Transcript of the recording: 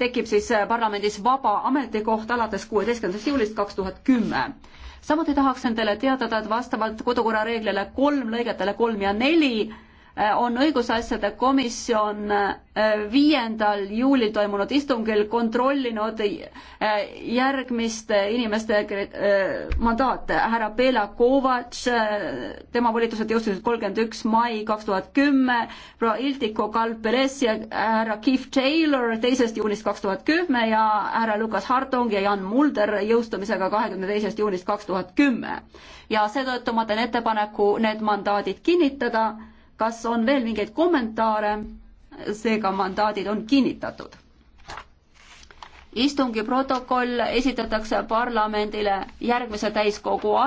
tekib siis äh, parlamendis vaba ametikoht alates kuueteistkümnendast juulist kaks tuhat kümme. samuti tahaksin teile teatada, et vastavalt kodukorra reeglile kolm lõigetele kolm ja neli Äh, on õigusasjade komisjon äh, viiendal juulil toimunud istungil kontrollinud äh, järgmiste inimeste mandaate. härra Bela Kovatš, tema volitused jõustusid kolmkümmend üks mai kaks tuhat kümme, proua Iltiko Kalperes ja härra Keith Taylor teisest juunist kaks tuhat kümme ja härra Lukas Hartong ja Jan Mulder jõustumisega kahekümne teisest juunist kaks tuhat kümme. ja seetõttu ma teen ettepaneku need mandaadid kinnitada kas on veel mingeid kommentaare? seega mandaadid on kinnitatud. istungi protokoll esitatakse parlamendile järgmise täiskogu all.